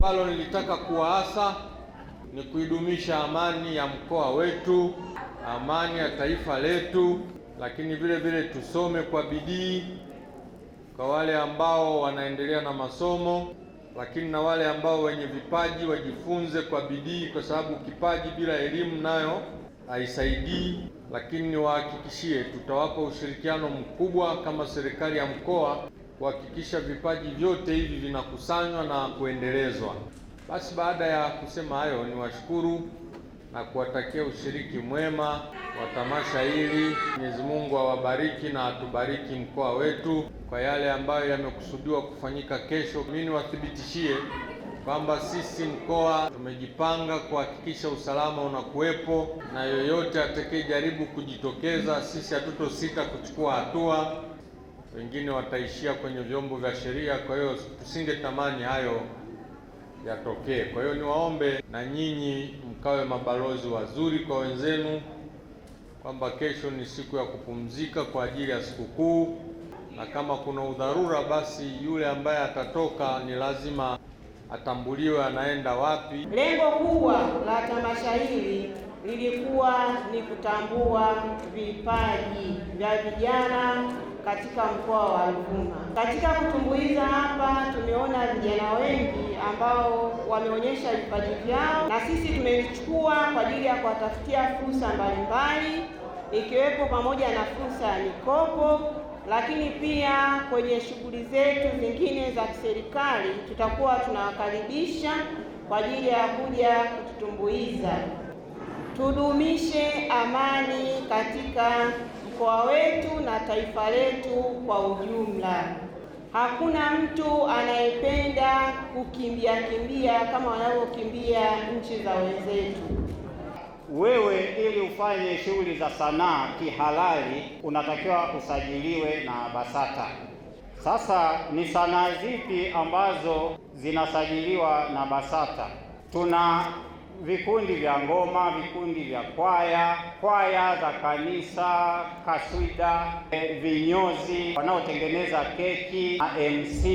ambalo nilitaka kuwaasa ni kuidumisha amani ya mkoa wetu, amani ya taifa letu, lakini vile vile tusome kwa bidii, kwa wale ambao wanaendelea na masomo, lakini na wale ambao wenye vipaji wajifunze kwa bidii, kwa sababu kipaji bila elimu nayo haisaidii. Lakini niwahakikishie tutawapa ushirikiano mkubwa kama serikali ya mkoa kuhakikisha vipaji vyote hivi vinakusanywa na kuendelezwa. Basi baada ya kusema hayo, niwashukuru na kuwatakia ushiriki mwema wa tamasha hili. Mwenyezi Mungu awabariki na atubariki mkoa wetu kwa yale ambayo yamekusudiwa kufanyika kesho. Mimi niwathibitishie kwamba sisi mkoa tumejipanga kuhakikisha usalama unakuwepo, na yoyote atakayejaribu kujitokeza, sisi hatutosita kuchukua hatua wengine wataishia kwenye vyombo vya sheria. Kwa hiyo tusingetamani hayo yatokee. Kwa hiyo niwaombe na nyinyi mkawe mabalozi wazuri kwa wenzenu, kwamba kesho ni siku ya kupumzika kwa ajili ya sikukuu, na kama kuna udharura, basi yule ambaye atatoka ni lazima atambuliwe anaenda wapi. Lengo kubwa la tamasha hili lilikuwa ni kutambua vipaji vya vijana katika mkoa wa Ruvuma. Katika kutumbuiza hapa, tumeona vijana wengi ambao wameonyesha vipaji vyao, na sisi tumechukua kwa ajili ya kuwatafutia fursa mbalimbali, ikiwepo pamoja na fursa ya mikopo lakini pia kwenye shughuli zetu zingine za kiserikali tutakuwa tunawakaribisha kwa ajili ya kuja kututumbuiza tudumishe amani katika mkoa wetu na taifa letu kwa ujumla. Hakuna mtu anayependa kukimbia kimbia kama wanavyokimbia nchi za wenzetu. Wewe ili ufanye shughuli za sanaa kihalali unatakiwa usajiliwe na BASATA. Sasa ni sanaa zipi ambazo zinasajiliwa na BASATA? Tuna vikundi vya ngoma, vikundi vya kwaya, kwaya za kanisa, kaswida, eh, vinyozi, wanaotengeneza keki, MC,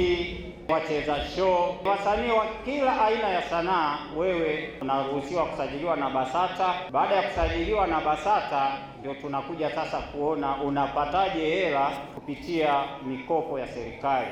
wacheza show, wasanii wa kila aina ya sanaa. Wewe unaruhusiwa kusajiliwa na BASATA. Baada ya kusajiliwa na BASATA, ndio tunakuja sasa kuona unapataje hela kupitia mikopo ya serikali.